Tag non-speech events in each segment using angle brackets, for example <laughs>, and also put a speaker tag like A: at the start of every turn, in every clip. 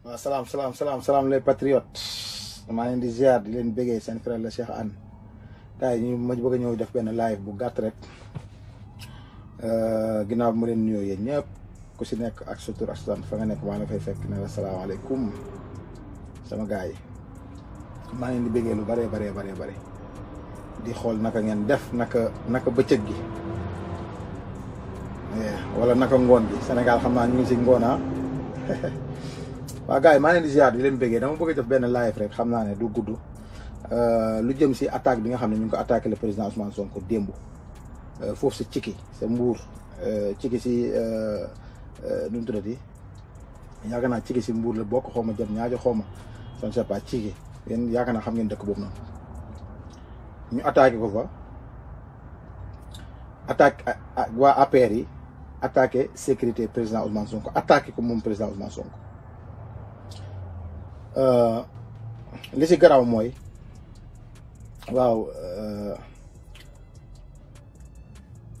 A: Ah, salam salam salam salam les patriotes dama len di ziar di len béggee sen frère le Cheikh an tay ñu ma bëgg ñëw def ben live bu gatt rek euh ginaaw mu len nuyoo yeen ñepp ku ci nekk ak sa tur ak sa fa nga nekk ma la fay fekk na la alaykum sama gaay ma len di béggee lu bare bare bare bare di xol naka ngeen def naka naka bëccëg gi wala naka ngoon bi Sénégal xamna ñu ci ngona ah. <laughs> waa gars yi maa leen di ziar di leen bëggee dama bëgg a def benn live rek xam naa ne du gudd euh, lu jëm si attaque bi nga xam ne ñu ngi ko attaqué le président Ousmane Sonko euh, foofu si Cikki sa Mbuur euh, Cikki si nu mu tuddati yaakaar naa Cikki si Mbuur la bokk xaw ma jëm ñaajo xaw ma je ne sais pas Cikki yéen yaakaar naa xam ngeen dëkk boobu noonu ñu attaqué ko fa attaque waa APR yi attaqué sécurité président Ousmane Sonko attaqué ko moom président Ousmane Sonko. Euh, li si garaw mooy waaw euh,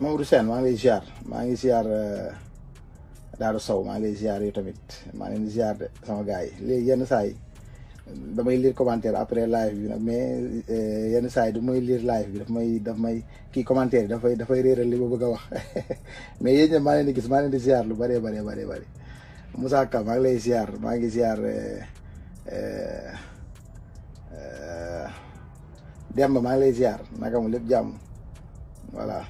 A: Mamadou Sène maa ngi lay maa ngi ziar euh, Daaru Sow maa ngi lay ziar tamit maa ngi leen di ziar sama gars yi léegi yenn saay damay liir commentaire après live bi nag mais yenn saay du may lire live bi daf may daf may kii commentaire yi dafay dafay réeral li ma bëgg a wax <laughs> mais yéen maa ngi di gis maa leen di ziar lu bëree bëree bëri bëri Moussa Ka maa ngi lay maa ngi ziar. Eh, eh, Demba maa ngi lay ziar naka mu lépp jàmm voilà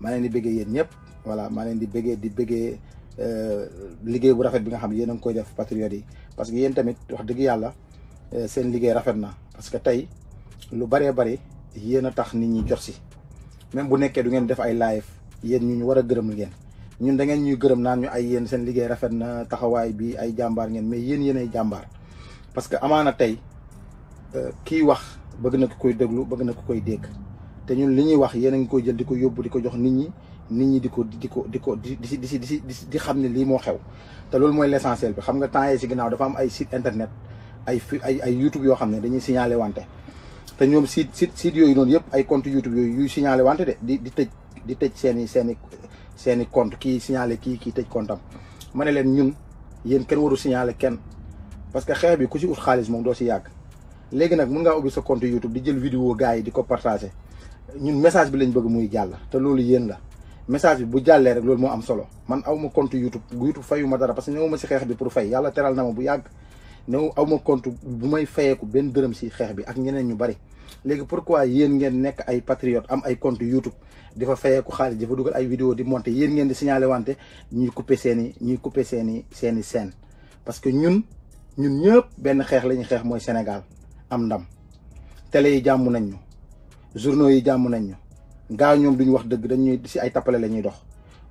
A: maa leen di bëggee yéen ñëpp voilà maa leen di bëggee di bëggee eh, liggéey bu rafet bi nga xam ne yéen a ngi koy def patriotes yi parce que yéen tamit wax dëgg yàlla seen liggéey rafet na parce que tey lu baree bari yéen a tax nit ñi jox si même bu nekkee du ngeen def ay live yéen ñu ñu war a gërëm ngeen. ñun da ngeen ñuy gërëm naan ñu ay yéen seen liggéey rafet na taxawaay bi ay jàmbaar ngeen mais yéen yéen ay jàmbaar parce que amaana tey euh, kii wax bëgg na ko koy déglu bëgg na ko koy dégg te ñun li ñuy wax yéen ngi koy jël di ko yóbbu di ko jox nit ñi nit ñi di ko di ko di ko di si di si di di xam ne lii moo xew te loolu mooy l'essentiel bi xam nga temps yee si ginnaaw dafa am ay site internet ay fi ay ay YouTube yoo xam ne dañuy signalé wante te ñoom site site site yooyu noonu yëpp ay compte yooyu yuy signalé wante de di di tëj di tëj seen i seen i seen i compte kii signale kii kii tëj compte am ma ne leen ñun yéen kenn waru signalé kenn parce que xeex bi ku si ut xaalis moom doo si yàgg léegi nag mun ngaa ubbi sa compte YouTube di jël vidéo gars yi di ko partagé ñun message bi lañ bëgg muy jàll te loolu yéen la message bi bu jàllee rek loolu moo am solo man aw ma compte YouTube YouTube fayu dara parce que ñëw ma si xeex bi pour fay yàlla teral na ma bu yàgg ñëw aw ma compte bu may fayeeku benn dërëm si xeex bi ak ñeneen ñu bari léegi pour quoi yéen ngeen nekk ay patriot am ay compte YouTube di fa fayeeku xaalis di fa dugal ay video di monter yéen ngeen di signaler ñuy couper seen i ñuy couper seen i seen i scène parce que ñun ñun ñëpp benn xeex la ñuy xeex mooy senegal am ndam télé yi jàmm nañ ñu journaux yi jàmm nañ ñu gaa ñoom duñu wax dëgg dañuy si ay tappale lañuy dox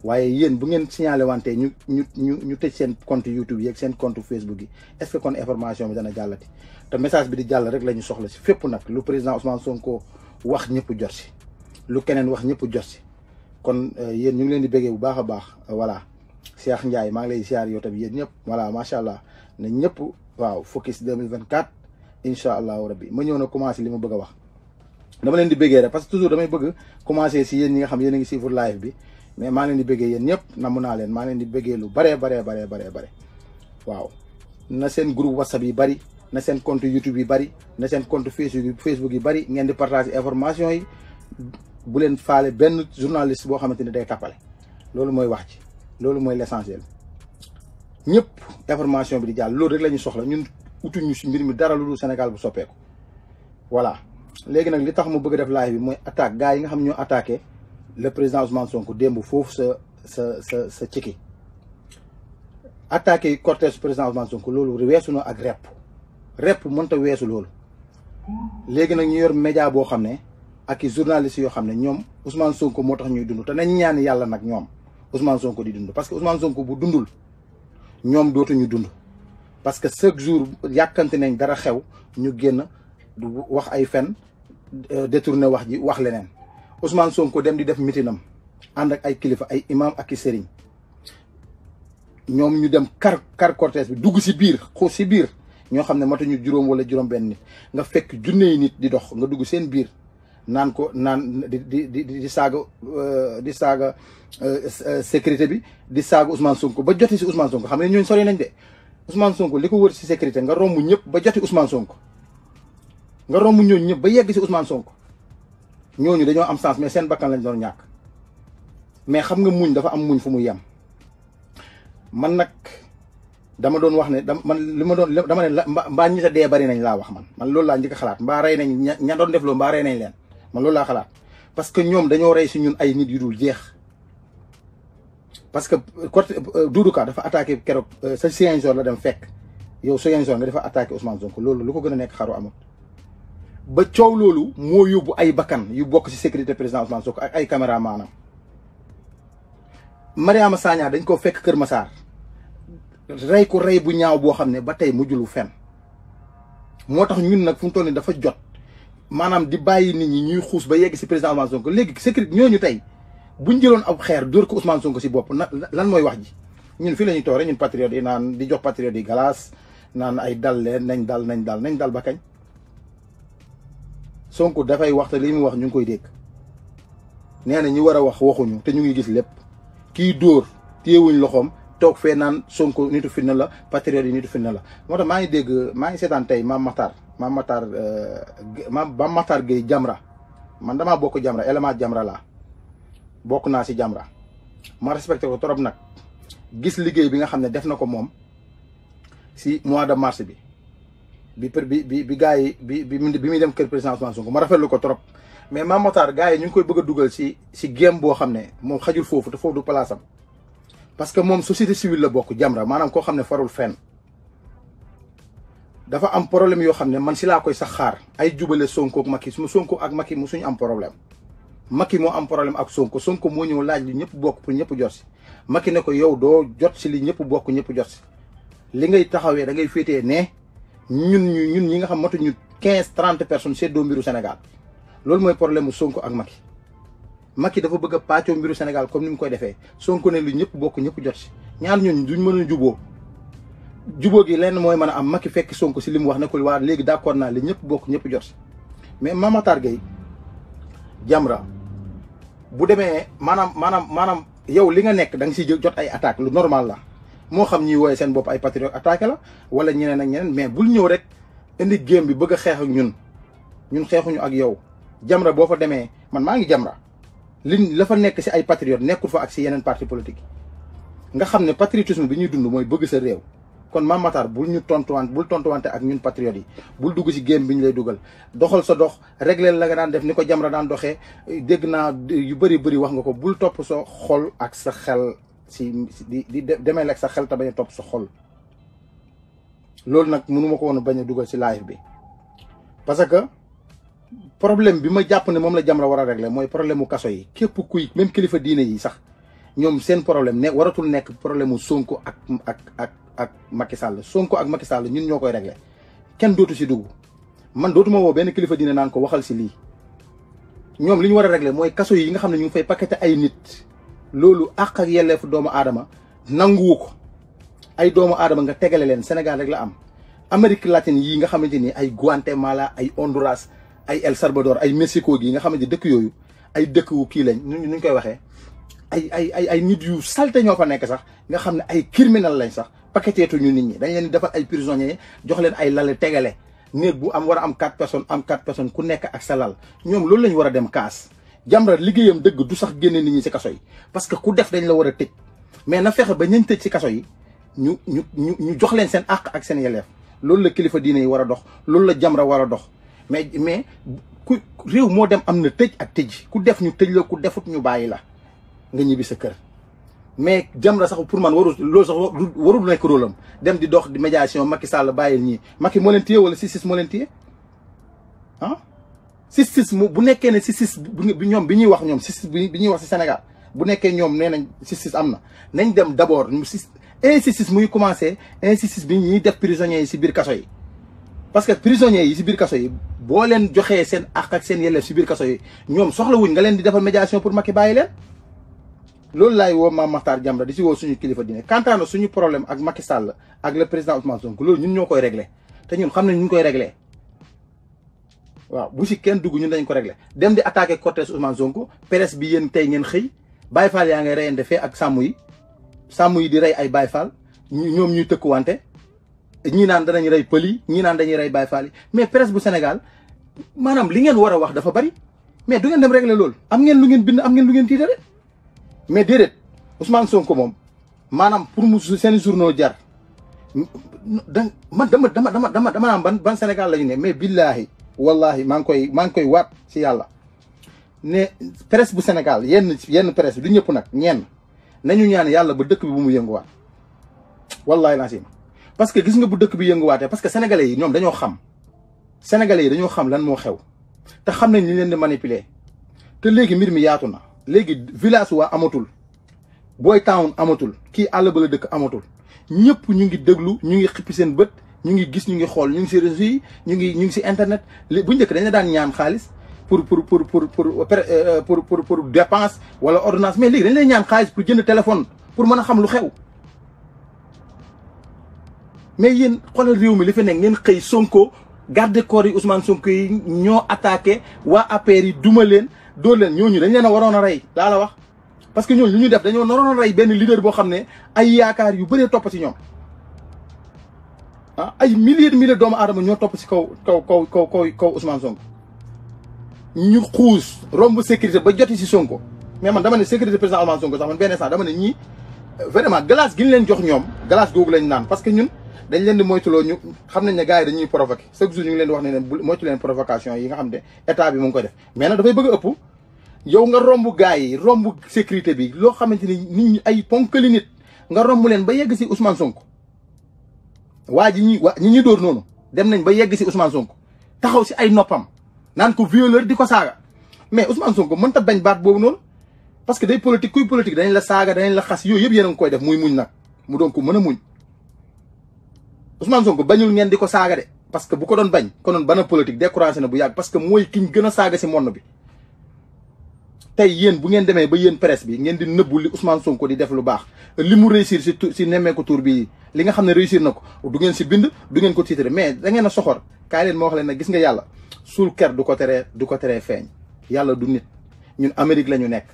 A: waaye yéen bu ngeen signalé wante ñu ñu ñu ñu tëj seen compte YouTube yi ak seen compte Facebook yi est-ce que kon information bi dana jàllati te message bi di jàll rek la ñu soxla si fépp nag lu président Ousmane Sonko wax ñëpp jot si lu keneen wax ñëpp jot si kon euh, yéen ñu ngi leen di béggee bu baax a baax voilà Cheikh Ndiaye maa ngi lay ziar yow tamit yéen ñëpp voilà macha allah na ñëpp waaw focus 2024 incha allahu rabbi ma ñëw na commencé li ma bëgg a wax dama leen di béggee rek parce que toujours damay bëgg commencé si yéen ñi nga xam yéen a ngi suivre live bi mais ma leen di bëggee yeen ñëpp namu naa leen ma leen di bëggee lu bare bare bare bare bare waaw na seen groupe whatsapp yi bari na seen compte youtube yi bari na seen compte facebook facebook yi bari ngeen di partager information yi bu leen faalé ben journaliste bo xamanteni day tapalé loolu moy wax ci loolu moy l'essentiel ñëpp information bi di jall loolu rek lañu soxla ñun ñu ci mbir mi dara lu Sénégal bu ko voilà légui nak li tax mu bëgg def live bi moy attaque gaay yi nga xam ñoo attaquer le président Ousmane Sonko démb foofu sa sa sa sa ciki attaqué cortège président Ousmane Sonko loolu weesu na ak rep rep mënta weesu loolu léegi nag ñu yor média boo xam ne ak i journalistes yoo xam ne Ousmane Sonko moo tax ñuy dund te nañ ñaan yàlla nag ñoom Ousmane Sonko di dund parce que Ousmane Sonko bu dundul ñoom dootuñu dund parce que chaque jour yàkkante nañ dara xew ñu génn wax ay fen euh, détourné wax ji wax leneen Ousmane Sonko dem di def mitinam and ak ay kilifa ay imam ak i sëriñ ñu dem kar kar cortège bi dugg ci biir xoo ci biir ño xamne ne ñu juroom wala juroom ben nit nga fekk junne nit di dox nga dugg seen biir nan ko nan di di di saga di saga euh, euh, sécurité bi di saga Ousmane Sonko ba jotti ci Ousmane Sonko xam ne ñooñu sori nañ de Ousmane Sonko liko ko wër ci sécurité nga romb ñëpp ba jotti Ousmane Sonko nga romb ñooñu ñëpp ba yegg ci Ousmane Sonko. ñooñu dañoo am sens mais seen bakkan lañ doon ñàkk mais xam nga muñ dafa am muñ fu muy yem man nag dama doon wax ne da man li ma doon dama ne mbaa ñi sa dee bari nañ laa wax man man loolu laa njëkk xalaat mbaa rey nañ ña doon def loolu mbaa rey nañ leen man loolu laa xalaat parce que ñoom dañoo rey si ñun ay nit yu dul jeex parce que euh, côté euh, Doudou Ka dafa attaqué keroog euh, sa Ziguinchor la dem fekk yow Ziguinchor nga dafa attaqué Ousmane Sonko loolu lu ko gën a nekk xaru amut ba ciow lolou mo yobbu ay bakan yu bok ci sécurité président Ousmane Sonko ak ay caméra maanaam Mariama Sagna dañ ko fekk keur Massar ray ko ray bu ñaaw bo xamne ba tay mujjulu fenn fen motax ñun nak fu mu toll dafa jot manam di bayyi nit ñi ñuy xuus ba yegg ci président Ousmane Sonko léegi sécurité ñoñu tay buñu jëlon ab xeer dóor ko Ousmane Sonko ci bop lan moy wax ji ñun fi lañu toore ñun patriote nan di jox patriote di glace nan ay dal leen nañ dal nañ dal nañ dal ba kañ Sonko dafay waxte li limi wax ñu koy dégg nee ñi wara wax waxuñu te ñu ngi gis lépp ki door téyewuñ loxom tok fee nan Sonko nitu fina la patriote nitu fina la motax ma ngi dégg ma ngi tay ma Matar ma Matar ba euh, Matar gay Jamra man dama bokk Jamra élément Jamra la bokk na ci Jamra ma respecté ko torop nak. gis liggéey bi nga xam def nako mom si mois de mars bi bi bi bi gars yi bi bi muy dem kër président Ousmane Sonko ma rafetlu ko trop mais Mame Makhtar gars yi ñu ngi koy bëgg dugal si si game boo xam ne moom xajul foofu te foofu du place parce que moom société civile la bokk Jamra maanaam koo xam ne farul fenn dafa am problème yoo xam ne man si laa koy sax xaar ay jubale Sonko ak Macky su Sonko ak Macky mu suñu am problème Macky moo am problème ak Sonko Sonko moo ñëw laaj li ñëpp bokk pour ñëpp jot si Macky ne ko yow doo jot si li ñëpp bokk ñëpp jot si li ngay taxawee da ngay féetee ne ñun ñu ñun ñi nga xam matuñu quinze trente personnes seddoo mbiru Sénégal loolu mooy problème mu Sonko ak Macky Macky dafa bëgg a mbiru Sénégal comme ni mu koy defee Sonko ne lu ñëpp bokk ñëpp jot si ñaar ñun duñ mën a juboo juboo gi lenn mooy mën a am Macky fekk Sonko si li mu wax ne ko waa léegi d'accord naa li ñëpp bokk ñëpp jot si mais Mame Matar Gueye Jamra bu demee maanaam maanaam maanaam yow li nga nekk da nga si jot ay attaques lu normal la moo xam ñuy wooye seen bopp ay patriote attaqué la wala ñeneen ak ñeneen mais bul ñëw rek indi game bi bëgg a xeex ak ñun ñun xeexuñu ak yow jamra boo fa demee man maa ngi jamra li la fa nekk si ay patriote nekkul fa ak si yeneen parti politique nga xam ne patriotisme bi ñuy dund mooy bëgg sa réew kon Mame Matar bul ñu tontuwante bul tontuwante ak ñun patriote yi bul dugg si game bi ñu lay dugal doxal sa dox réglé la nga daan def ni ko jamra daan doxee dégg naa yu bëri bëri wax nga ko bul topp sa xol ak sa xel si di di demee lekk sa xel ta baña top sa xol loolu nak mënuma ko wona baña duggal ci si live bi parce que problème bima japp jàpp ne moom la Jamra wara régler moy problème mu kasso yi képp kuy même kilifa diiné yi sax ñom seen problème ne waratul nek problème mu Sonko ak ak ak ak Macky Sall Sonko ak Macky Sall ñun ñokoy régler kenn dootu si dugg man dootuma wo ben kilifa diiné nan ko waxal si li ñom war wara régler moy kasso yi nga xam ñu fay paqueté ay nit loolu àq ak yelleefu doomu aadama nanguwu ko ay doomu aadama nga tegale leen Sénégal rek la am Amérique latine yi nga xamante ni ay Guatemala ay Honduras ay El Salvador ay Mexico gi nga xamante dëkk yooyu ay dëkk wu kii lañ nu ñu koy waxee ay ay ay ay nit yu salte ñoo fa nekk sax nga xam ne ay criminel lañ sax paqueteetu ñu nit ñi dañ leen defal ay prisonniers jox leen ay lale tegale néeg bu am war a am quatre personnes am quatre personnes ku nekk ak sa lal ñoom loolu a dem kaas Jamra liggéeyam dëgg du sax génne nit ñi ci kaso yi parce que ku def dañ la war a tëj mais na fexe ba ñañ tëj ci kaso yi ñu ñu ñu ñu jox leen seen àq ak seen yelleef loolu la kilifa diine yi war a dox loolu la Jamra war a dox mais mais ku réew moo dem am na tëj ak tëj ku def ñu tëj la ku defut ñu bàyyi la nga ñibbi sa kër. mais Jamra sax pour man waru loolu sax warul nekk rôle dem di dox di médiation maki Sall bàyyil ñii Macky moo leen téye wala Ciss Ciss moo leen sistisme bu nekkee ne sistis bi ñoom bi ñuy wax ñoom sistis bi ñuy wax si Sénégal bu nekkee ñoom nee nañ sistis am na nañ dem d' abord sis insistis muy commencé insistis bi ñuy def prisonniers yi si biir kaso yi. parce que prisonniers yi si biir kaso yi boo leen joxee seen àq ak seen yelleef si biir kaso yi ñoom soxlawuñ nga leen di defal médiation pour Macky bàyyi leen. loolu laay woo Mame Makhtar Diambra di si woo suñu kilifa dine kantaana suñu problème ak maki Sall ak le président Ousmane loolu ñun ñoo koy réglé te ñun xam nañ ñu koy réglé. waaw bu ci kenn duggu ñun dañ ko régler dem di attaquer cortège Ousmane Sonko presse bi yeen tay ngeen xey Baye Fall ya nga reyante fe ak sàmm yi di ray ay Baye Fall ñom ñuy wante ñi naan danañ ray peli ñi naan dañuy ray Baye Fall mais presse bu Sénégal manam li ngeen wara wax dafa bari mais du ngeen dem régler lool am ngeen lu ngeen bind am ngeen lu ngeen mais dedet Ousmane Sonko mom manam pour mu seen journaux jar man dama dama dama dama dama ban ban Sénégal la né mais billahi wallahi maa ngi koy maa ngi koy waat ci yàlla ne presse bu Sénégal yenn yenn presse du ñëpp nag ñeen nañu ñaan yàlla ba dëkk bi bu mu yënguwaat wallahi laa parce que gis nga bu dëkk bi yënguwaatee parce que sénégalais yi ñoom dañoo xam sénégalais yi dañoo xam lan moo xew te xam nañ li leen di manipuler te léegi mbir mi yaatu na. léegi village waa amatul booy town amatul kii àll ba la dëkk amatul ñëpp ñu ngi déglu ñu ngi xippi seen bët. ñu ngi gis ñu ngi xool ñu ngi si réseau ñu ngi ñu ngi si internet bu njëkk dañu daan ñaan xaalis pour pour pour pour pour euh, pour pour dépense wala ordonnance mais léegi dañ lay ñaan xaalis pour jënd téléphone pour mën a xam lu xew. mais yéen xoolal réew mi li fi nekk ngeen xëy Sonko garde corps yi Ousmane sonk yi ñoo attaqué waa APR yi duma leen dóor leen ñooñu dañ leen waroon a rey laa la wax. parce que ñooñu lu ñu def dañoo naroon a rey benn leader boo xam ne ay yaakaar yu bëree topp ci ñoom. Ah, ay milliers de milliers doomu aadama ñoo top ci kaw kaw kaw kaw kaw kaw Ousmane Sonko ñu xous rombu sécurité ba joti ci Sonko mais man dama ne sécurité président Ousmane Sonko sax man benn instant dama ne ñi vraiment glace giñ leen jox ñom glace googu lañ naan parce que ñun dañ leen di moytu lo ñu xam nañ ne gaay yi dañuy provoquer chaque jour ñu ngi leen wax ne moytu leen provocation yi nga xam ne état bi mu ngi koy def mais na da fay bëgg ëpp yow nga rombu gaay rombu sécurité bi lo xamanteni nit ñi ay ponkali nit nga rombu leen ba yegg ci Ousmane Sonko waa ji ñi waa ñi door dóor noonu dem nañ ba yegg si Ousmane Sonko taxaw si ay noppam naan ko violeur di ko saaga mais Ousmane Sonko mënta bañ baat boobu noonu parce que day politique kuy politique danañ la saaga danañ la xas yooyu yëpp yéen a koy def muy muñ nag mu doon ko mën a muñ Ousmane Sonko bañul ngeen di ko saaga de parce que bu ko doon bañ konoon bana politique découragé na bu yàgg parce que mooy kiñ gën a saaga si monde bi tey yéen bu ngeen demee ba yéen presse bi ngeen di nëbbu li Ousmane Sonko di def lu baax li mu réussir si si nemmeeku tour bi li nga xam ne réussir na ko du ngeen si bind du ngeen ko titre mais da ngeen a soxor kaay leen ma wax leen ne gis nga yàlla suul ker du ko teree du ko teree feeñ yàlla du nit ñun Amérique la ñu nekk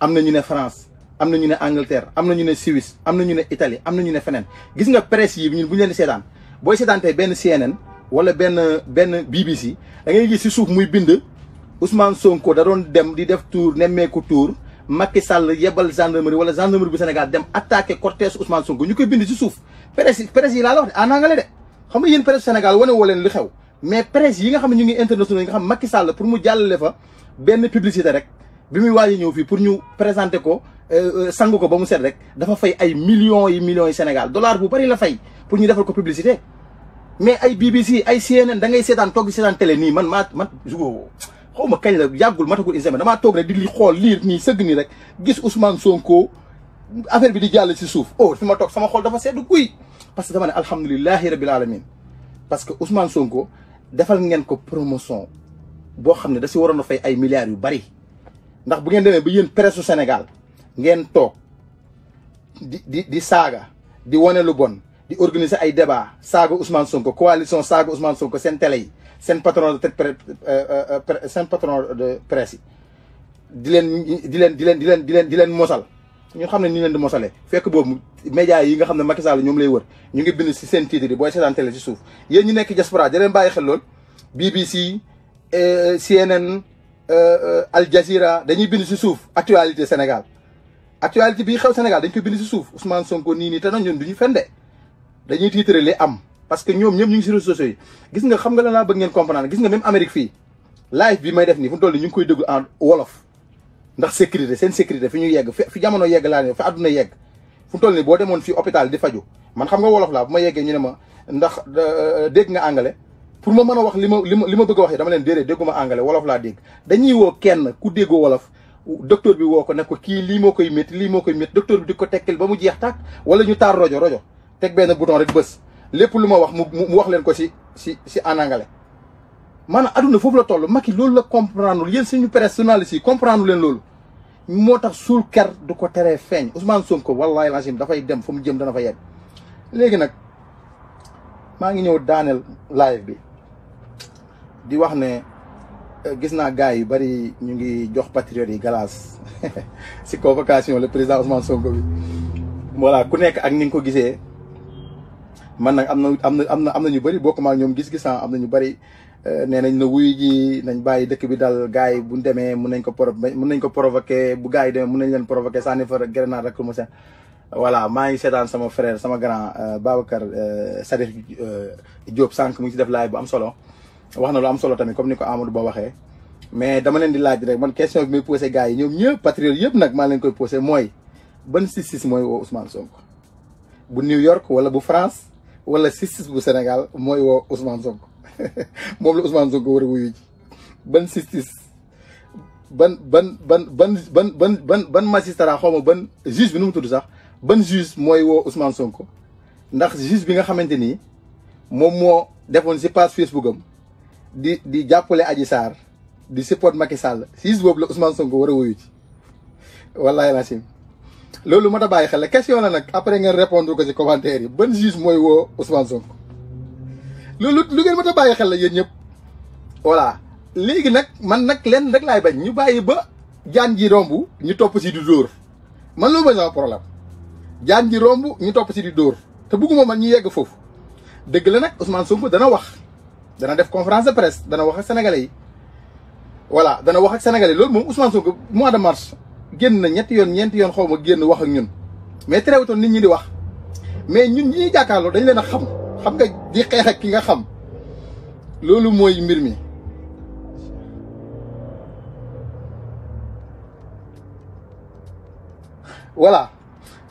A: am na ñu ne France am na ñu ne Angleterre am na ñu ne Suisse am na ñu ne itali am na ñu ne feneen gis nga presse yi bu ñu leen di seetaan booy benn CNN wala benn benn BBC da ngay si suuf muy bind Ousmane Sonko da doon dem di def tour nemmeeku tour Macky Sall yebal gendarmerie wala gendarmerie bu Sénégal dem attaquer cortège Ousmane Sonko ñu koy bind ci suuf presse presse yi la wax en anglais de xam nga yeen presse Sénégal woné woo leen lu xew mais presse yi nga xam ne ñu ngi internationaux yi nga xam Macky Sall pour mu jàllale fa ben publicité rek bi muy waaj a ñëw fii pour ñu présenter ko euh, euh, sang ko ba mu sét rek dafa fay ay millions yi millions yi Sénégal dollar bu bari la fay pour ñu defal ko publicité mais ay BBC ay CNN da ngay sétane tok sétane télé ni man man man xaw ma kañ la yagul matagul examen damaa toog rek di li xol lire ni seug ni rek gis Ousmane Sonko affaire bi di jall ci souf oh fima tok sama xol dafa sedd kuy parce que dama ne alhamdulilahi rabbil alamin parce que Ousmane Sonko defal ngeen ko promotion bo xam da ci warono fay ay milliards yu bari ndax bu ngeen demee ba yeen presse Sénégal ngeen tok di di saga, di woné lu bonne di organiser ay débat saaga Ousmane Sonko coalition saaga Ousmane Sonko seen télé yi seen patron de euh, euh, seen patron de presse yi di leen di leen di leen di leen di leen di leen mosal ñu xam ne ñu leen di mosalee fekk boobu média yi nga xam ne Macky ñoom lay wër ñu ngi bind si seen titre yi booy seetaan télé si suuf yéen ñu nekk diaspora di leen bàyyi xel lool BBC euh, CNN Al Jazeera dañuy bind si suuf actualité Sénégal actualité bii xew Sénégal dañ koy bind si suuf Ousmane Sonko nii nii te nag ñun du ñu fende dañuy tiitrer li am parce que ñoom ñëpp ñu ngi si réseaux sociaux yi gis nga xam nga la laa bëgg ngeen comprendre gis nga même Amérique fii live bi may def nii fu mu nii ñu ngi koy déglu en wolof ndax sécurité seen sécurité fi ñu yegg fi jamono yegg laa ne fi àdduna yegg fu mu nii boo demoon fii hôpital di faju man xam nga wolof laa bu ma yeggee ñu ne ma ndax euh, dégg nga anglais pour ma mën a wax li ma li ma li ma bëgg a wax dama leen déedéet dégguma anglais wolof laa dégg dañuy woo kenn ku déggoo wolof docteur bi woo ko ne kii lii moo koy métti lii moo koy métti docteur bi di ko tekkil ba mu jeex tàkk wala ñu taar rojo rojo teg benn bouton rek bës lépp lu ma wax mu mu wax leen ko ci si si en anglais adduna foofu la toll Macky loolu la comprendre yéen suñu personnalistes yi comprendre leen loolu moo tax suul ker du ko teree feeñ Ousmane Sonko wallaahi lancim dafay dem fu mu jëm dana fa yegg léegi nag maa ngi ñëw daaneel live bi di wax ne euh, gis naa gars yu bari ñu ngi jox patriotes yi galaas <laughs> si convocation le président Ousmane Sonko bi voilà ku nekk ak ni nga ko gisee man nag am na am na am na am na ñu bëri bokkuma ak ñoom gis-gis ah, am na ñu bëri eh, nee nañ na wuyu ji nañ bàyyi dëkk bi dal gars yi bu ñu demee mun nañ ko pro mun nañ ko provoqué bu gars yi demee mun nañ leen provoqué sànni fa grenade rek mu seen voilà maa ngi seetaan sama frère sama grand eh, Babacar eh, Sadif Diop sànq mu ngi ci def live bu am solo wax na lu am solo tamit comme ni ko Amadou Ba waxee mais dama leen di laaj rek man question bi may posé gars yi ñoom ñëpp patriote yëpp nag maa leen koy posé mooy ban 6-6 mooy woo Ousmane Sonko bu New York wala bu France. wala justice bu Sénégal mooy woo Ousmane Sonko <laughs> moom la Ousmane Sonko war a wuyu ji ban justice ban ban ban ban ban ban ban ban magistrat xaw ma ban juge bi nu mu tudd sax ban juge mooy woo Ousmane Sonko ndax juge bi nga xamante ni moom moo defoon si page Facebook di di jàppale Adji Sarr di support Macky Sall juge boobu la Ousmane Sonko war a wuyu ji wallahi laa loolu mata baye bàyyi xel question la nak après nga répondre ko ci commentaire ben juge moy wo Ousmane Sonko loolu lu ngeen mata baye xel la yeen ñep voilà légui nak man nak leen rek lay bañ ñu baye ba jaan ji rombu ñu top ci di door. man lo bañu problème jaan ji rombu ñu top ci di door. te bugguma man ñu yegg fofu deug la nak Ousmane Sonko dana wax dana def conférence de presse dana wax ak sénégalais yi voilà dana wax ak sénégalais loolu moom Ousmane Sonko mois de mars génn na ñetti yoon ñeenti yoon xaw ma génn wax ak ñun mais terewutoon nit ñi di wax mais ñun ñi ñuy jàkkaarloo dañ leen a xam nga di ki nga xam loolu mooy mbir mi. voilà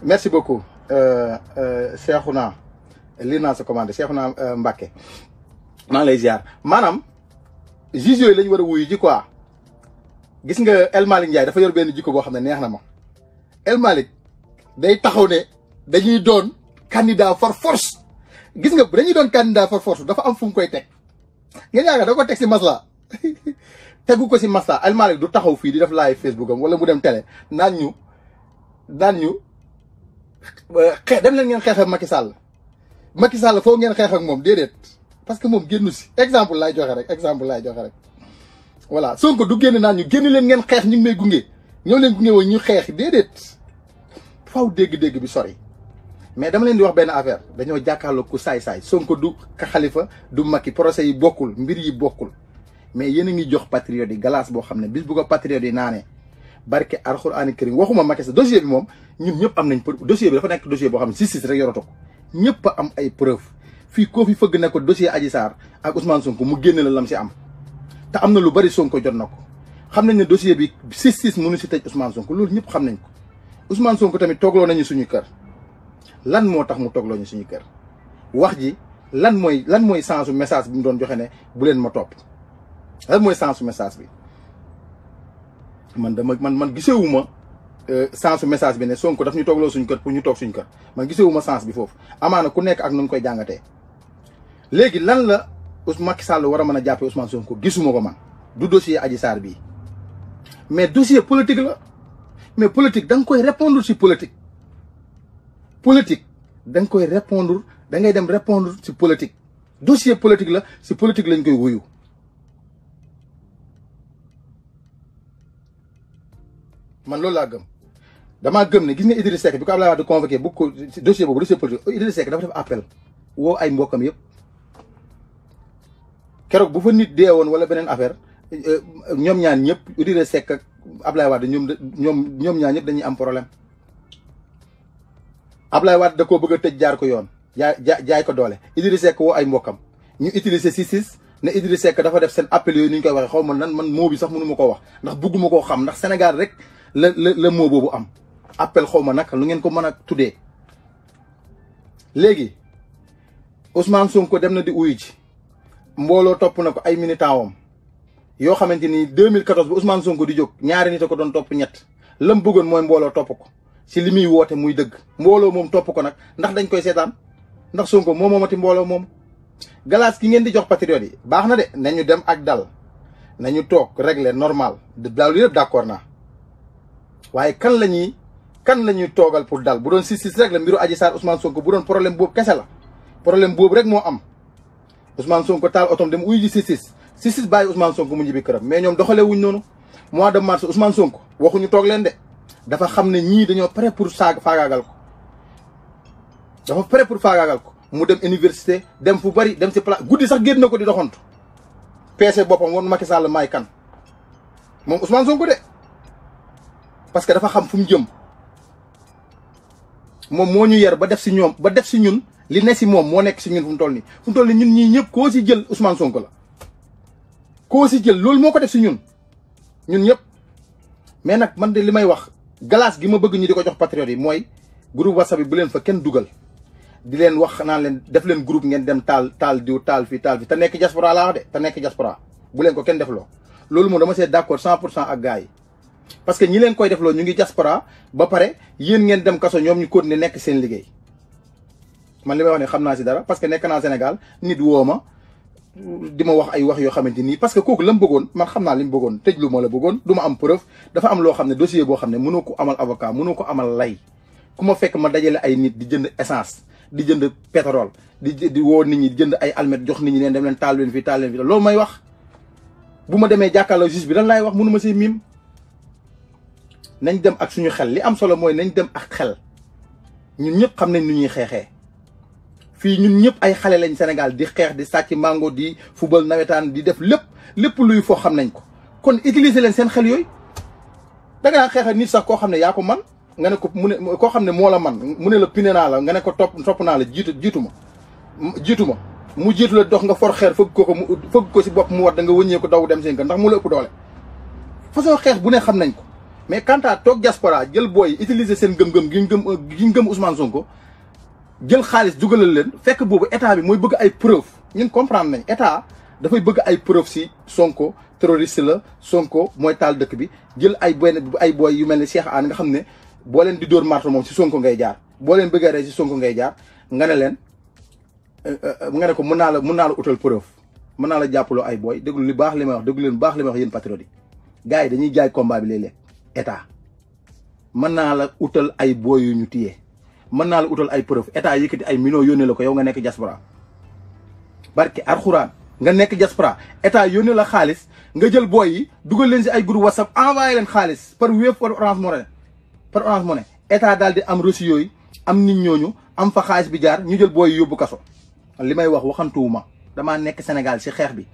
A: merci beaucoup euh, euh, Cheikhouna lii naa sa commandé Cheikhouna euh, Mbacké maa ngi lay ziar maanaam juge yooyu lañ war a wuyu ji quoi. gis nga El Malik Ndiaye dafa yor ben jikko bo xamne neex na ma El Malik day taxaw ne dañuy don candidat for force gis nga dañuy don candidat for force dafa am fu koy tek ngeen yaakaar da ko tek si masla <laughs> tegu ko si masla El Malik du taxaw fi di def live Facebook am wala mu dem tele nan ñu naan ñu euh, xe dem leen ngeen xeex Macky Sall Macky Sall fo ngeen xeex ak mom dedet parce que mom gennu ci exemple lay joxe rek exemple lay joxe rek voilà Sonko du génn naan ñu génn leen ngeen xeex ñu ngi may gunge ñëw leen gunge woon ñu xeex déedéet faw dégg-dégg bi sori mais dama leen di wax benn affaire dañoo jàkkaarloo ku saay-saay Sonko du ka Khalifa du yi procès yi bokkul mbir yi bokkul mais yéen a ngi jox patriote yi galaas boo xam ne bis bu ko patriote yi naanee barke alxuraani karim waxuma Macky sa bi moom ñun ñëpp am nañ dossier bi dafa nekk dossier boo xam ne sis rek yoratu ko ñëpp ay preuve fii koo fi fëgg ne ko dossier Adji Sarr ak Ousmane mu génne la lam si am Tak amna lu bari Sonko jot na ko dossier bi 66 six mënu si Ousmane Sonko loolu ñëpp xamnañ ko Ousmane Sonko tamit toglo nañu suñu kër lan mo tax mu toglo ñu suñu kër wax ji lan moy lan moy sensu message bi mu doon joxe ne bu len ma top lan moy sensu message bi man dama man man gisewuma euh, sensu message bi ne Sonko daf ñu toglo suñu kër pour ñu tok suñu kër man gisewuma sens bi fofu amana ku nekk ak nu koy lan la Ousmane Macky Sall war a mën a jàppee Ousmane Sonko gisuma ko man du dossier Adji saar bii mais dossier politique la mais politique da nga koy répondre si politique. politique da koy répondre da ngay dem répondre ci politique dossier politique la si politique lañ koy wuyu. man loolu laa gëm damaa gëm ne gis nga Idriss Seck bi ko Abdoulaye Wade convoqué bu ko dossier boobu dossier politique Idriss Seck dafa def appel woo ay mbokkam yëpp. kérok bu fa nit dee wala benen affaire eh, eh, ñom ñaan ñëpp Idrissa Seck ak Ablaye wad ñom ñom ñom ñaan ñëpp dañuy am problème Ablaye wad da ko bëgg a jaar ko yoon jaay ko doole Idrissa Seck ay mbokam ñu utiliser si ne Idrissa dafa def sen appel yu ñu koy xawma nan man mo bi sax mënu mako wax ndax bëgguma ko xam ndax Sénégal rek le le mo bobu am appel xawma nak lu ngeen ko mëna a légui Ousmane Sonko dem na di uyu ci mbolo top na ko ay militant wam yoo ni 2014 bu Ousmane Sonko di jog ñaari nit ko don top ñet lam bëggon moy mbolo top ko ci limi wote muy deug mbolo mom top ko nak ndax dañ koy seetaan ndax Sonko mom momati mbolo mom galas ki ngeen di jox patriote yi baxna de nañu dem ak dal nañu tok régler normal dal yëpp d'accord na waye kan lañi kan la kan togal pour dal bu sisis 66 sis rek la mbiru Adji sar Ousmane Sonko bu don problème bob kese problème bob rek mo am. Ousmane Sonko tal otom dem uyu sisis Ciss Ciss bàyyi Ousmane Sonko mu ñibi kërëm mais ñom doxale wuñ nonu mois de mars Ousmane Sonko waxuñu toog leen de dafa xamne ñi dañu prêt pour sag faagaagal ko dafa prêt pour ko mu dem université dem fu bari dem ci place goudi sax gennako di doxantu PC bopam won Macky Sall may kan mom Ousmane Sonko de parce que dafa xam fu mu jëm mom moo ñu ba def ci ñom ba def ci ñun li ne si mom mo nek ci ñun fu mu toll fu toll ñun ñi ñëpp ko si jël Ousmane Sonko la ko si jël lool moko def ci ñun ñun ñëpp mais nak man de limay wax glace gi ma bëgg ñi diko jox patriote yi mooy groupe whatsapp bi bu leen fa kenn duggal di leen wax na leen def leen groupe ngeen dem tal tal diw tal fi tal fi ta nek diaspora la wax de ta nek diaspora bu leen ko kenn lo lool mo dama sé d'accord 100% ak gaay parce que ñi leen koy lo ñu ngi diaspora ba paré yeen ngeen dem kaso ñom ñu ne nek seen liguey man li may wax ne xam naa si dara parce que nekk naa Sénégal nit woo ma di ma wax ay wax yoo xamante nii parce que kooku la mu bëggoon man xam naa li mu bëggoon tëj lu ma la bëggoon du ma am preuve dafa am loo xam ne dossier boo xam ne mënoo ko amal avocat mënoo ko amal lay ku ma fekk ma dajale ay nit di jënd essence di jënd pétrole di di woo nit ñi di jënd ay almet jox nit ñi leen dem leen taal leen taal leen fii may wax bu ma demee jàkkaarloo bi lan laay wax mënu ma si dem ak suñu xel li am solo mooy nañ dem ak xel ñun ñëpp xam nañ nu ñuy xeexee fii ñun ñëpp ay xale lañ Sénégal di xeex di sàcc mango di football nawetaan di def lépp lépp luy foo xam nañ ko kon utiliser leen seen xel yooyu danga daan xeexal nit sax koo xam ne yaa ko man nga ne ko mu ne koo xam ne moo la man mu ne la pine naa la nga ne ko topp topp naa la jiitu jiitu ma jiitu ma mu jiitu la dox nga for xeer fëgg ko ko mu fëgg ko si bopp mu war da nga wëññee ko daw dem seen kër ndax mu la ëpp doole façon xeex bu ne xam nañ ko mais quant à toog diaspora jël booy utiliser seen gëm gi ñu gëm gi ñu gëm Ousmane Sonko jël xaaliss dugalal leen fekk bobu état bi moy bëgg ay preuve ñun comprendre nañ état da fay bëgg ay preuve ci sonko terroriste la sonko moy tal dëkk bi jël ay boy ay boy yu melni Cheikh an nga xamne bo boo leen di door marto mom ci sonko ngay jaar bo leen bëgg ré ci sonko ngay jaar nga ne leen euh, euh, euh, nga ne ko mëna la mëna la outal preuve mëna la jappalo ay boy déglu lu baax li may wax déglu leen baax li may wax yeen patriote gaay dañuy jaay combat bi léeg-léeg état mëna la outal ay boy yu ñu tiyé mën naa la utal ay preuve état yëkkati ay millions yónnee la ko yow nga nekk diaspora barke alxuraan nga nekk diaspora état yónnee la xaalis nga jël booy yi dugal leen si ay groupe whatsapp envoyé leen xaalis par Wave par Orange Money par Orange état daal di am reçu yooyu am nit ñooñu am fa xaalis bi jaar ñu jël booy yi yóbbu kaso li may wax waxantuwuma damaa nekk Sénégal si xeex bi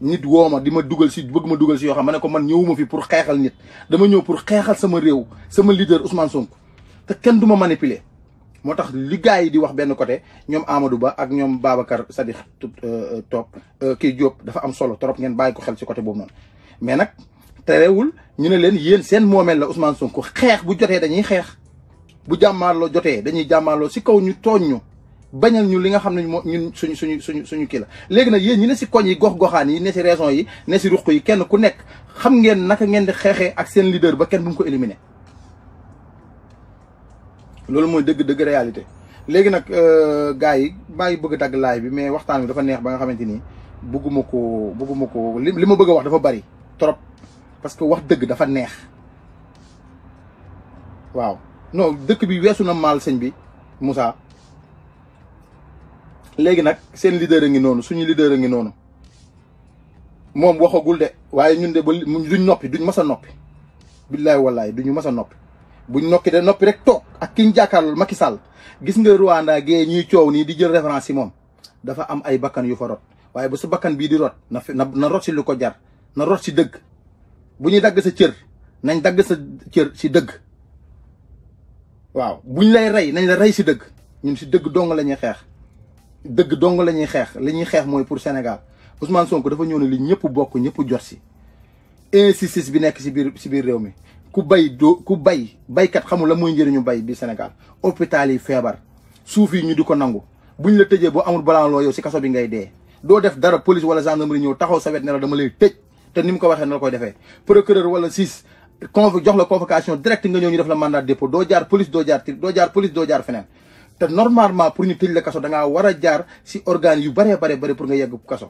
A: nit woo ma di ma dugal si bëgg ma dugal si yoo xam ne ko man ñëwuma fi pour xeexal nit dama ñëw pour xeexal sama réew sama leader Ousmane Sonko te kenn du ma manipuler moo tax li gars yi di wax benn côté ñoom Amadou Ba ak ñoom Babacar Sadikh euh, euh, Top euh, kii Diop dafa am solo trop ngeen bàyyi ko xel ci côté boobu noonu mais nag terewul ñu ne leen yéen seen moomeel la Ousmane Sonko xeex bu jotee dañuy xeex bu jàmmaarloo jotee dañuy jàmmaarloo si kaw ñu tooñ ñu bañal ñu li nga xam ne moo ñun suñu suñu suñu suñu kii la léegi nag yéen ñu ne si koñ yi gox-goxaan yi ne si raison yi ne si ruq yi kenn ku nekk xam ngeen naka ngeen di xeexee ak seen leader ba kenn bu mu ko éliminer loolu mooy dëgg dëgg réalité léegi nag euh, gars yi bàyyi bëgg dagg laay bi mais waxtaan bi dafa neex ba nga xamante ni bëgguma ko bëgguma ko li li ma bëgg a wax dafa bari trop parce que wax dëgg dafa neex waaw non dëkk bi weesu na maal sëñ bi musaa léegi nag seen leader a ngi noonu suñu leader a ngi noonu moom waxagul de waaye ñun de ba duñ noppi duñ mas a noppi billaay wallaay duñu mas a noppi buñ nokki de nopi rek tok ak kiñ jàkkaarloo Macky Sall gis nga Rwanda ge ñi ciow ni di jël référence ci mom dafa am ay bakkan yu fa rot waye bu su bakkan bi di rot na na rot ci lu jar na rot ci deug buñu dagg sa cër nañ dagg sa cër si deug waaw buñ lay ray nañ la ray ci deug ñun ci deug dong lañuy xex deug dong lañuy xex liñuy xex moy pour Sénégal Ousmane Sonko dafa ñëw ne li ñëpp bokku ñëpp jot si bi nek si bir si bir réew ku bay do ku bay kat xamul la muy njëriñu bay bi Sénégal hôpital yi feebar suufi ñu diko nangu buñ la tëjee bo amul blanc lo yow ci kasso bi ngay dé do def dara police wala gendarmerie ñëw taxaw sa wet ne la dama lay tej te nim ko waxee na la koy defee procureur wala sis conv jox la convocation direct nga ñëw ñu def la mandat dépôt do jaar police do jaar tir jaar police do jaar fenen te normalement pour ñu tej la kasso da nga wara jaar si organe yu bare bare bare pour nga yegg kaso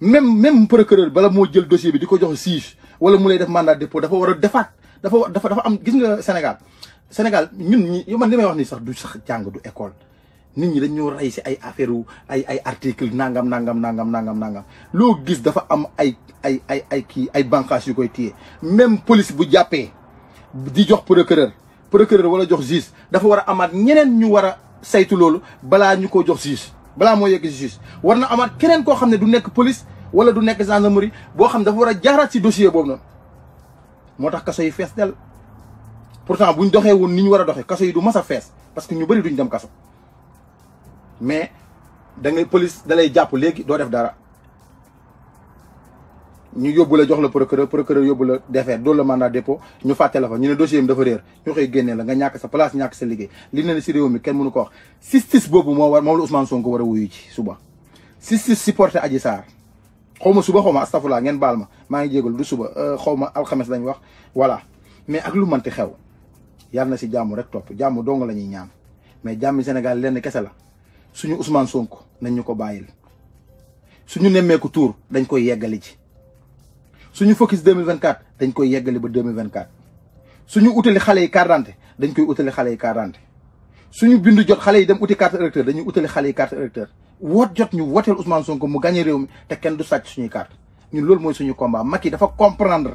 A: même même procureur bala mo jël dossier bi diko ko jox juge wala mu lay def mandat dépôt dafa wara dafa dafa dafa am gis nga Sénégal Sénégal ñun ñi yow man li may wax nii sax du sax jàng du école nit ñi dañoo rey si ay affaire wu ay ay article nangam nangam nangam nangam nangam loo gis dafa am ay ay ay kii ay bànqaas yu koy téye même police bu jàppee di jox procureur procureur wala jox juge dafa war a amaat ñeneen ñu war a saytu loolu balaa ñu ko jox juge balaa moo yegg si war na amaat keneen koo xam ne du nekk police wala du nekk gendarmerie boo xam ne dafa war a jaaraat si dossier boobu noonu motax tax kaso yi fees del pourtant buñ doxé won ni wara doxé a yi du massa fess parce que ñu bari duñ dem kaso mais da ngay police da lay jàpp léegi doo def dara ñu yobul la jox la procureur procureur yobul la defeer do le mandat dépôt ñu faté la fa ñu né dossier bi dafa rër ñu xey génné la nga ñak sa place ñak sa liggé li ne ci réew mi kenn mënu ko wax 66 bobu mo war moom Ousmane Sonko wara wuyu ci suba 66 supporter Adji Sarr xawma suba xawma astaghfirullah ngeen bal ma ma ngi jégalu du suba euh, xawma khamis lañ wax voilà mais ak lu mënti xew yàlla na si jàmm rek top jàmm dong la ñuy ñaan mais jàmmi Sénégal lenn kessa la suñu Ousmane Sonko nañ ñuko bayil suñu nemmeeku tour dañ koy yeggali ci suñu focus 2024 dañ koy yeggali ba 2024 suñu outeli xalé yi carte dañ koy outeli xalé yi carte suñu bindu jot xalé yi dem uti carte électeur dañuy outeli xalé yi carte électeur woot jot ñu wooteel Ousmane Sonko mu gagné réew mi te kenn du sàcc suñuy carte ñun loolu mooy suñu combat Macky dafa comprendre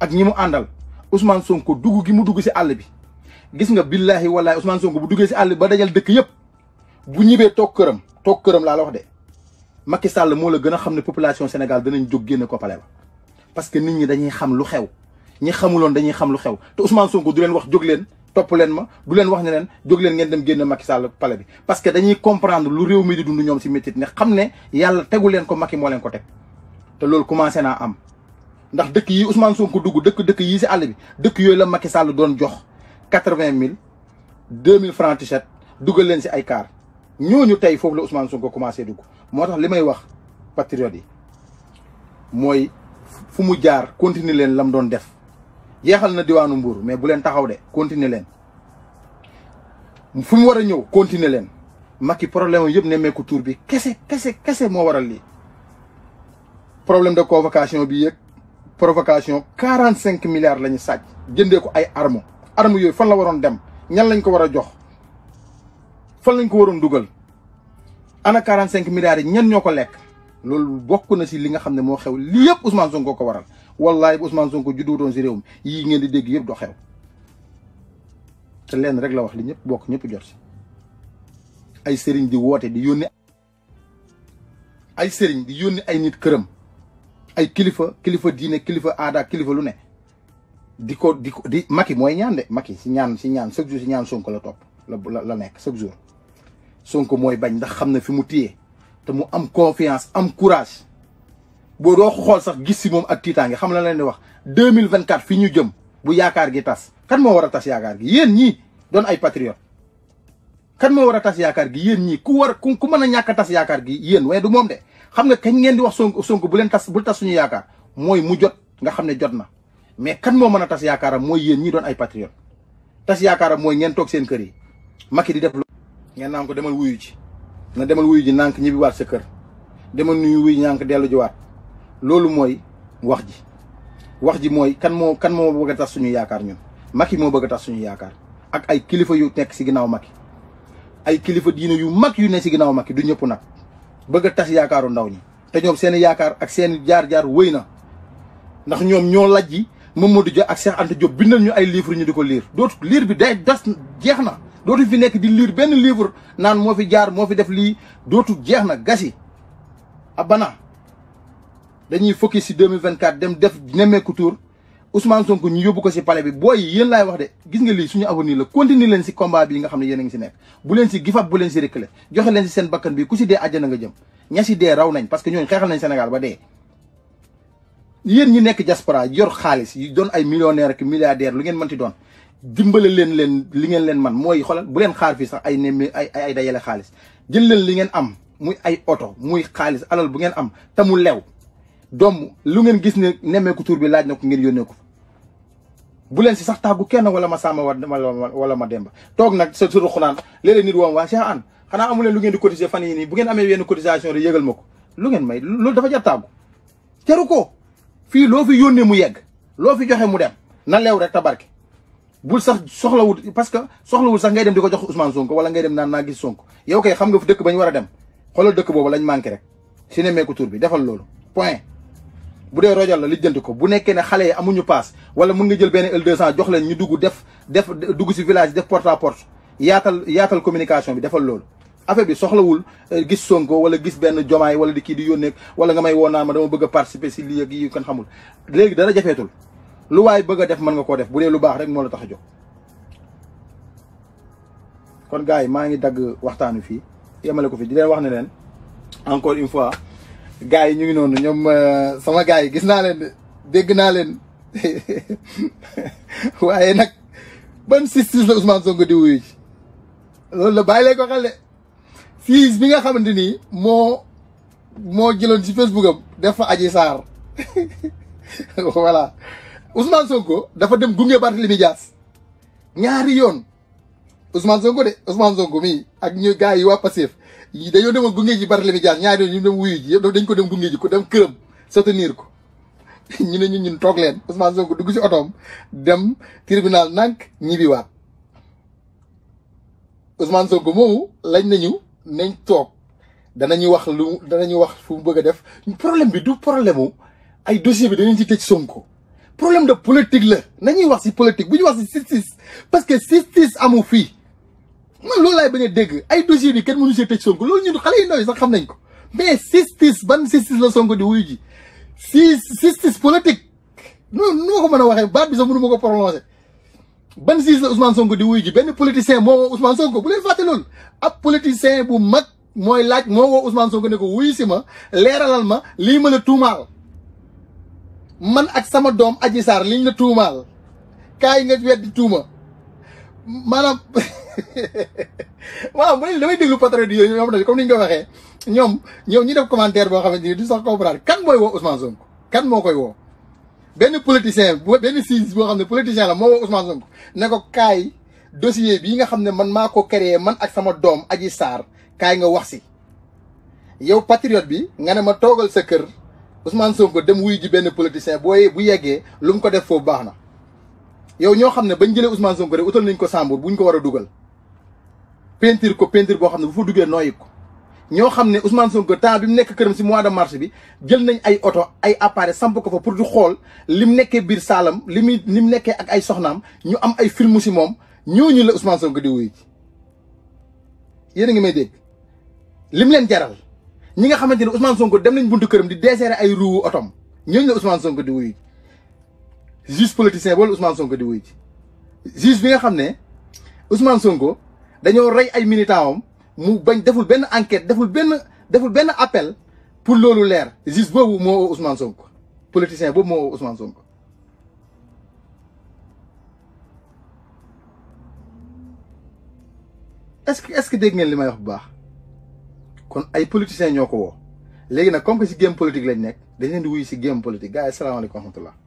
A: ak ñi mu àndal Ousmane Sonko dugg gi mu dugg si àll bi gis nga billahi wallahi Ousmane Sonko bu duggee si àll bi ba dajal dëkk yëpp bu ñibbee toog këram toog këram laa la wax de Macky Sall moo la gën a xam ne population Sénégal danañ jóg génn ko pale ba parce que nit ñi dañuy xam lu xew ñi xamuloon dañuy xam lu xew te Ousmane Sonko du wax jóg leen top len ma du len wax ne len jog len ngeen dem genn Macky Sall palais bi parce que dañuy comprendre lu rew mi di dund ñom ci metit ne xamne yalla teggu len ko Macky mo len ko tek te lool commencé na am ndax dekk yi Ousmane Sonko duggu dekk dekk yi ci àll bi dekk yoy la Macky Sall doon jox 80000 2000 francs tichet duggal len ci ay car ñoñu tay fofu la Ousmane Sonko commencé dugg motax limay wax patriote yi moy fu mu jaar continue len lam doon def yeexal na diwaanu mburu mais bu leen taxaw de continuer leen fu mu war a ñëw continuer leen Macky problème yëpp nemmeeku tur bi kese kese kese moo waral lii problème de convocation bi yëg provocation quarante cinq milliards la ñu sàcc jëndee ko ay armes armes yooyu fan la waroon dem ñan lañ ko war a jox fan lañ ko waroon dugal ana quarante cinq milliards ñan ñoo ko lekk loolu bokk na si li nga xam ne moo xew yëpp Ousmane Sonko ko waral wallaay bu Ousmane Sonko judduwutoon si réew mi yii ngeen di dégg yëpp do xew te leen rek la wax li ñëpp bokk ñëpp jot si ay sëriñ di woote di yónni ay sëriñ di yónni ay nit këram ay kilifa kilifa diine kilifa aada kilifa lu ne di ko di ko di Macky mooy ñaan de Macky si ñaan si ñaan chaque la topp la la nekk chaque jour Sonko mooy bañ ndax xam na fi mu téye te mu am confiance am courage bo do xol sax gis ci mom ak titangi xam la len di wax 2024 fi ñu jëm bu yaakar gi tass kan mo wara tass yaakar gi yeen ñi don ay patriote kan mo wara tass yaakar gi yeen ñi ku war ku mëna ñaka tass yaakar gi yeen way du mom de xam nga kañ ngeen di wax sonku sonku bu len tass bu tass suñu yaakar moy mu jot nga xamne jot na mais kan mo mëna tass yaakar moy yeen ñi don ay patriote tass yaakar moy ngeen tok seen kër yi makki di def ngeen naan ko demal wuyu ci na demal wuyu ji nank ñibi wat sa kër demal nuyu wuyu ñank delu ji wat loolu mooy wax ji wax ji mooy kan moo kan moo bëgg a tas suñu yaakaar ñun Macky moo bëgg a tas suñu yaakaar ak ay kilifa yu nekk si ginnaaw Macky ay kilifa diine yu mag yu ne si ginnaaw ki du ñëpp nag bëgg tas yaakaaru ndaw ñi te ñoom seen yaakaar ak seen jaar-jaar wëy na ndax ñoom ñoo lajji Mamadou Dia ak Cheikh Anta Diop bindal ñu ay livre ñu di ko liir dootu liir bi day das jeex na dootu fi nekk di liir benn livre naan moo fi jaar moo fi def lii dootu jeex na gasi abana dañuy focus ci 2024 dem def nemmeeku tour Ousmane Sonko ñu yóbbu ko ci palais bi boy yeen lay wax de gis nga li suñu abonné la continue leen ci combat bi nga xamné yeen nga ci nek bu leen ci gif bu leen ci reclé joxe leen ci sen bakkan bi ku ci dé aljana nga jëm ña ci dee raw nañ parce que ñooñu xéxal nañ Sénégal ba dé yeen ñi nek diaspora yor xaalis yi doon ay millionnaire ak milliardaire lu ngeen mënti doon dimbalé leen leen li ngeen leen man moy xolal bu leen xaar fi sax ay ne ay ay dayalé xaalis jël leen li ngeen am muy ay auto muy xaalis alal bu ngeen am te lew doom lu ngeen gis ne nemmeeku tuur bi laaj na ko ngir yónnee ko bu leen si sax tàggu kenn wala ma sàmm wala ma demba toog nag sa suruxu naan léeg-léeg nit woom waa Cheikh Hann xanaa amu leen lu ngeen di cotiser fan yii nii bu ngeen amee yenn cotisation rek yëgal ma ko lu ngeen may loolu dafa jar tàggu jaru ko fii loo fi yónnee mu yegg loo fi joxe mu dem na leew rek tabarke bul sax soxla wut parce soxla soxlawul sax ngay dem di ko jox Ousmane Sonko wala ngay dem naan naa gis Sonko yow kay xam nga fu dëkk ba ñu war a dem xoolal dëkk boobu lañ manqué si nemmeeku bi defal loolu bu dee rojal la lijjanti ko bu nekkee ne xale yi amuñu paas wala mun nga jël benn L200 jox leen ñu dugg def def dugg si village def porte à porte yaatal yaatal communication bi defal loolu. affaire bi soxlawul gis Sonko wala gis benn jomaay wala di kii di yónnee wala nga may woo naan ma dama bëgg a participer si lii ak yi kan xamul léegi dara jafeetul lu waay bëgg a def mën nga koo def bu dee lu baax rek moo la tax a jóg. kon gars yi maa ngi dagg waxtaanu fii yemale ko fi di leen wax ne leen encore une fois. gars yi ñu ngi noonu ñoom euh, sama gars yi gis naa leen dégg naa leen <laughs> waaye nag ban siis siis la Ousmane Sonko di wuyu loolu la bàyyi leen ko xel de siis bi nga xamante ni moo moo jëloon ci Facebook def fa Adji Sarr <laughs> voilà Ousmane Sonko dafa dem gunge Barthélémy Dias ñaari yoon. Ousmane Sonko de Ousmane Sonko mii ak ñu gars yi waa Pastef yi dañoo demoon gunge ji Barthélémy Dias ñaari ñu dem wuyu ji yëpp dañ ko dem gunge ji ko dem këram soutenir ko <laughs> ñu ne ñu ñun toog leen Ousmane Sonko dugg ci otoom dem tribunal nànk ñibbiwaat Ousmane Sonko moomu lañ nañu nañ toog dana danañu wax lu danañu wax fu mu bëgg a def problème bi du problème mu ay dossier bi danañ ci tëj Sonko problème de politique la nañuy wax si politique bu ñu wax si justice que justice amu fii man lo lay bañe a dégg ay dossier bi kenn mënu see tëj Sonko loolu ñun xalé yu ndaw yi sax xam nañ ko mais sistis ban sistis la Sonko di wuyu ji si politique no no ko mëna waxe waxee baat bi sax mënu mako prononcer prononcé ban justice la Ousmane Sonko di wuyu ji benn politicien mo Ousmane Sonko bu len faté loolu ap politicien bu mag moy laaj mo wo Ousmane Sonko ne ko wuyu si ma léralal ma li ma la tuumaal man ak sama dom Adji sar liñ la tuumaal kay nga wedd tuuma manam <laughs> <laughs> waaw kan kan nah, man damay déglu patron di ñoom dañu comme ni nga ko waxee ñoom ñoom ñi def commentaire boo xamante ni du sax comprendre kan mooy woo Ousmane Sonko kan moo koy woo benn politicien benn siis boo xam ne politicien la moo woo Ousmane Sonko ne ko kaay dossier bi nga xam ne man maa ko créé man ak sama doom Adji Sarr kaay nga wax si yow patriote bi nga ne ma toogal sa kër Ousmane Sonko dem wuy ji benn politicien booy bu yeggee lu mu ko def foofu baax na yow ñoo xam ne bañ jëlee Ousmane Sonko rek utal nañ ko Sambour buñ ko war a dugal peinture ko peinture boo xam ne bu fa duggee nooyi ko ñoo xam ne Ousmane Sonko temps bi mu nekk këram si mois de mars bi jël nañ ay oto ay appareil samp ko fa pour du xool li mu nekkee biir saalam li muy li mu nekkee ak ay soxnaam ñu am ay film si moom ñu la Ousmane Sonko di wuyu ci yéen a ngi may dégg mu leen jaral ñi nga xamante ne Ousmane Sonko dem nañ buntu këram di desserrer ay otoom otom ñooñu la Ousmane Sonko di wuyu ci juge politicien wala Ousmane Sonko di wuyu ci juge bi nga xam ne Ousmane Sonko. dañoo rey ay militants mu bañ deful benn enquête deful benn deful benn appel pour loolu leer juste boobu moo Ousmane Sonko politicien boobu moo Ousmane Sonko. est-ce que est-ce que dégg ngeen li may wax bu baax kon ay politiciens ñoo ko woo léegi nag comme que si game politique lañ nekk dañ leen di wuyu si game politique gars yi asalaamaaleykum wa rahmatullah